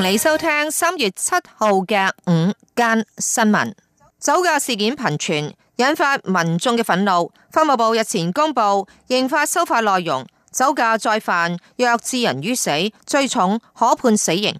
同你收聽三月七號嘅午間新聞，酒駕事件頻傳，引發民眾嘅憤怒。法務部日前公布刑法修法內容，酒駕再犯若致人於死，最重可判死刑。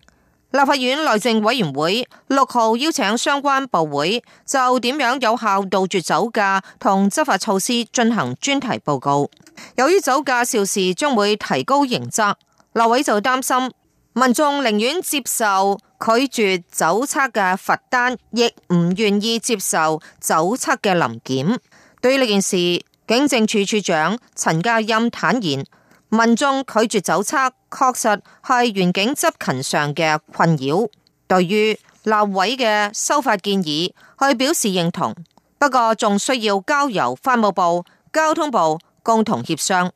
立法院內政委員會六號邀請相關部會就點樣有效杜絕酒駕同執法措施進行專題報告。由於酒駕肇事將會提高刑責，立委就擔心。民眾寧願接受拒絕酒測嘅罰單，亦唔願意接受酒測嘅臨檢。對於呢件事，警政處處長陳家欽坦言，民眾拒絕酒測確實係員警執勤上嘅困擾。對於立委嘅修法建議，佢表示認同，不過仲需要交由法務部、交通部共同協商。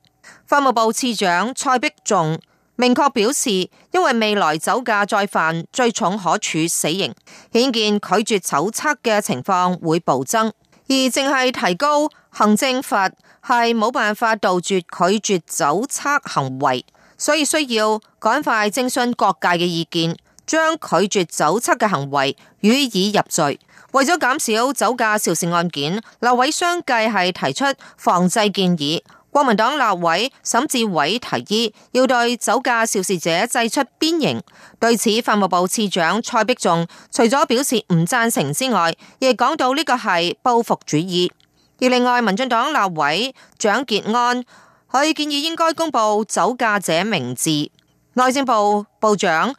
法務部次長蔡碧仲，明確表示，因為未來酒駕再犯最重可處死刑，顯見拒絕酒測嘅情況會暴增，而淨係提高行政罰係冇辦法杜絕拒絕酒測行為，所以需要趕快徵詢各界嘅意見，將拒絕酒測嘅行為予以入罪。為咗減少酒駕肇事案件，立委相繼係提出防制建議。國民黨立委沈志偉提議，要對酒駕肇事者祭出鞭刑。對此，法務部次長蔡碧仲，除咗表示唔贊成之外，亦講到呢個係報復主義。而另外，民進黨立委蔣杰安佢建議應該公布酒駕者名字。內政部部長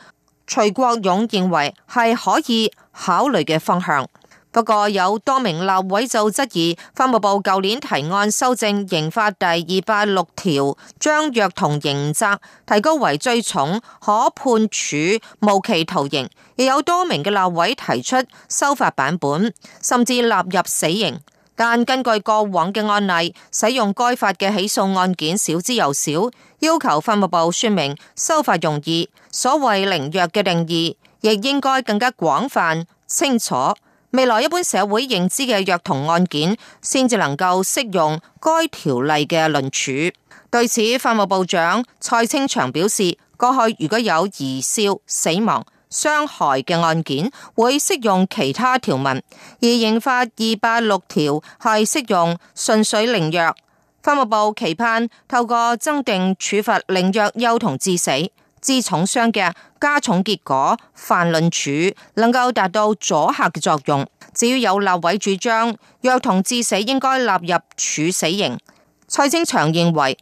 徐國勇認為係可以考慮嘅方向。不過有多名立委就質疑，法務部舊年提案修正刑法第二百六條，將虐童刑責提高為最重，可判處無期徒刑。亦有多名嘅立委提出修法版本，甚至納入死刑。但根據過往嘅案例，使用該法嘅起訴案件少之又少，要求法務部說明修法容易。所謂凌虐嘅定義，亦應該更加廣泛、清楚。未來一般社會認知嘅虐童案件，先至能夠適用該條例嘅論處。對此，法務部長蔡清祥表示，過去如果有兒少死亡、傷害嘅案件，會適用其他條文，而刑法二百六條係適用純粹凌虐。法務部期盼透過增訂處罰凌虐幼童致死。致重傷嘅加重結果犯論處，能夠達到阻嚇嘅作用。至於有立委主張，虐童致死應該納入處死刑，蔡清祥認為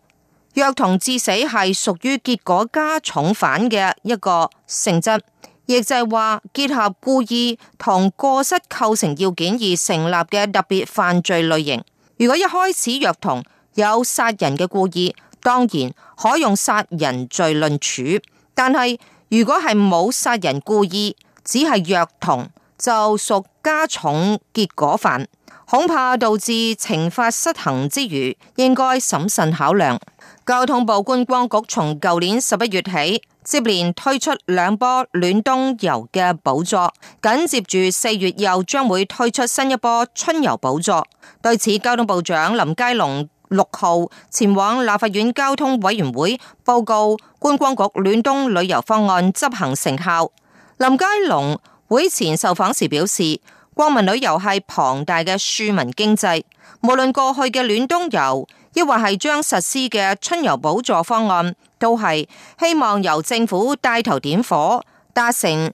虐童致死係屬於結果加重犯嘅一個性質，亦就係話結合故意同過失構成要件而成立嘅特別犯罪類型。如果一開始虐童有殺人嘅故意。當然可用殺人罪論處，但係如果係冇殺人故意，只係虐童，就屬加重結果犯，恐怕導致懲罰失衡之餘，應該審慎考量。交通部觀光局從舊年十一月起，接連推出兩波暖冬遊嘅補助，緊接住四月又將會推出新一波春遊補助。對此，交通部長林佳龍。六號前往立法院交通委員會報告觀光局暖冬旅遊方案執行成效。林佳龍會前受訪時表示，國民旅遊係龐大嘅庶民經濟，無論過去嘅暖冬遊，抑或係將實施嘅春遊補助方案，都係希望由政府帶頭點火，達成。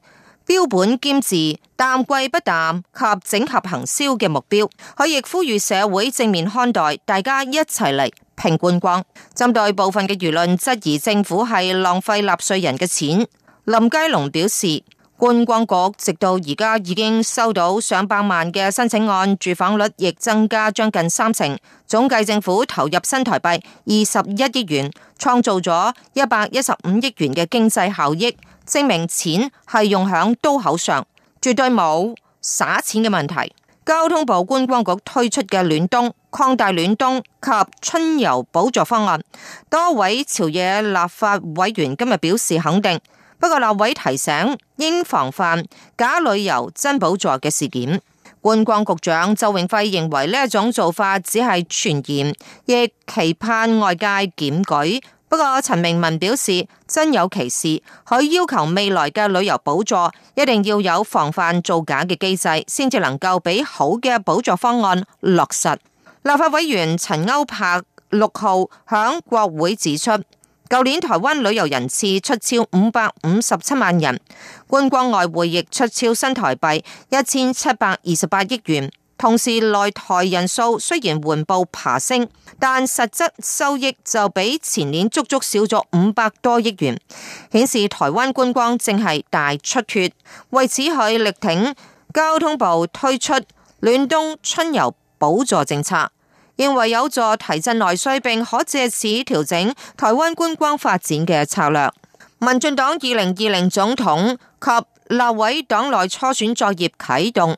標本兼治，淡季不淡及整合行銷嘅目標，可以呼籲社會正面看待，大家一齊嚟評觀光。針對部分嘅輿論質疑政府係浪費納稅人嘅錢，林佳龍表示，觀光局直到而家已經收到上百萬嘅申請案，住房率亦增加將近三成，總計政府投入新台幣二十一億元，創造咗一百一十五億元嘅經濟效益。證明錢係用響刀口上，絕對冇耍錢嘅問題。交通部觀光局推出嘅暖冬、擴大暖冬及春遊補助方案，多位朝野立法委員今日表示肯定。不過，立委提醒應防範假旅遊、真補助嘅事件。觀光局長周永輝認為呢一種做法只係傳言，亦期盼外界檢舉。不過陳明文表示，真有其事，佢要求未來嘅旅遊補助一定要有防範造假嘅機制，先至能夠俾好嘅補助方案落實。立法委員陳歐柏六號響國會指出，舊年台灣旅遊人次出超五百五十七萬人，觀光外匯亦出超新台幣一千七百二十八億元。同時，來台人數雖然緩步爬升，但實質收益就比前年足足少咗五百多億元，顯示台灣觀光正係大出血。為此，佢力挺交通部推出暖冬春遊補助政策，認為有助提振內需，並可藉此調整台灣觀光發展嘅策略。民進黨二零二零總統及立委黨內初選作業啟動。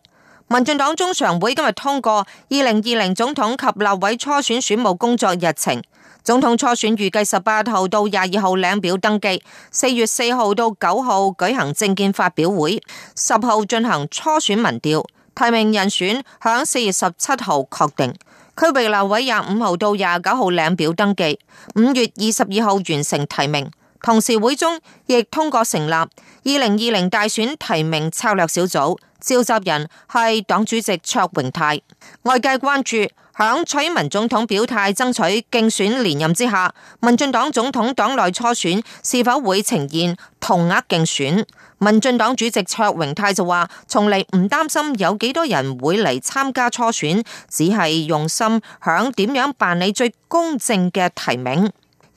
民進黨中常會今日通過二零二零總統及立委初選選務工作日程。總統初選預計十八號到廿二號領表登記，四月四號到九號舉行政見發表會，十號進行初選民調，提名人選響四月十七號確定。區域立委廿五號到廿九號領表登記，五月二十二號完成提名。同時會中亦通過成立二零二零大選提名策略小組，召集人係黨主席卓榮泰。外界關注響取民總統表態爭取競選連任之下，民進黨總統黨內初選是否會呈現同額競選？民進黨主席卓榮泰就話：從嚟唔擔心有幾多人會嚟參加初選，只係用心響點樣辦理最公正嘅提名。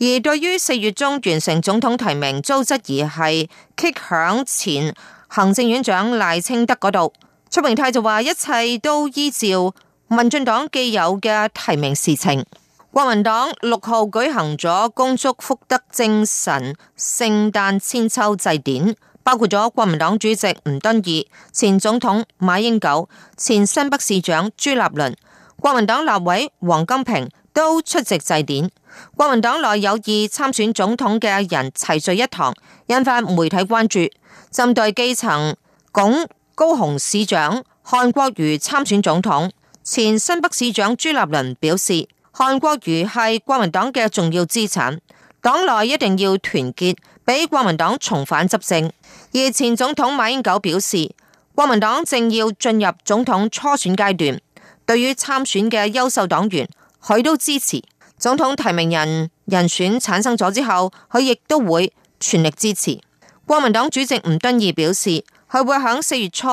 而對於四月中完成總統提名，遭質疑係 kick 響前行政院長賴清德嗰度，蔡明泰就話一切都依照民進黨既有嘅提名事情。國民黨六號舉行咗恭祝福德正神聖誕千秋祭典，包括咗國民黨主席吳敦義、前總統馬英九、前新北市長朱立倫、國民黨立委黃金平都出席祭典，國民黨內有意參選總統嘅人齊聚一堂，引發媒體關注。針對基層拱高雄市長韓國瑜參選總統，前新北市長朱立倫表示，韓國瑜係國民黨嘅重要資產，黨內一定要團結，俾國民黨重返執政。而前總統馬英九表示，國民黨正要進入總統初選階段，對於參選嘅優秀黨員。佢都支持總統提名人人選產生咗之後，佢亦都會全力支持。國民黨主席吳敦義表示，佢會響四月初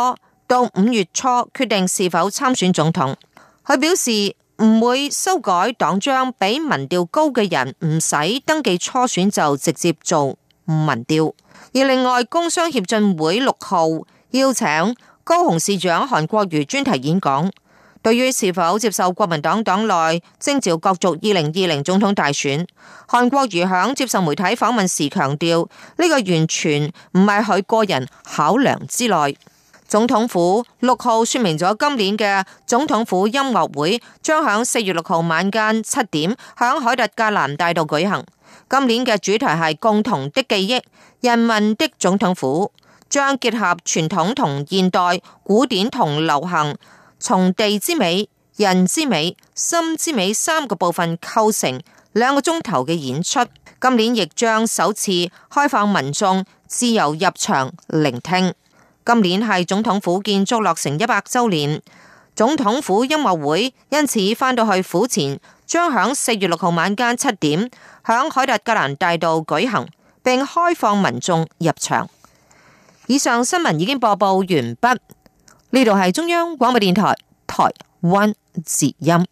到五月初決定是否參選總統。佢表示唔會修改黨章，俾民調高嘅人唔使登記初選就直接做民調。而另外，工商協進會六號邀請高雄市長韓國瑜專題演講。對於是否接受國民黨黨內徵召角逐二零二零總統大選，韓國瑜響接受媒體訪問時強調，呢、這個完全唔係佢個人考量之內。總統府六號說明咗，今年嘅總統府音樂會將響四月六號晚間七點，響凱達格蘭大道舉行。今年嘅主題係共同的記憶，人民的總統府將結合傳統同現代、古典同流行。從地之美、人之美、心之美三個部分構成兩個鐘頭嘅演出。今年亦將首次開放民眾自由入場聆聽。今年係總統府建築落成一百周年，總統府音樂會因此返到去府前，將響四月六號晚間七點響凱達格蘭大道舉行，並開放民眾入場。以上新聞已經播報完畢。呢度係中央廣播電台台灣之音。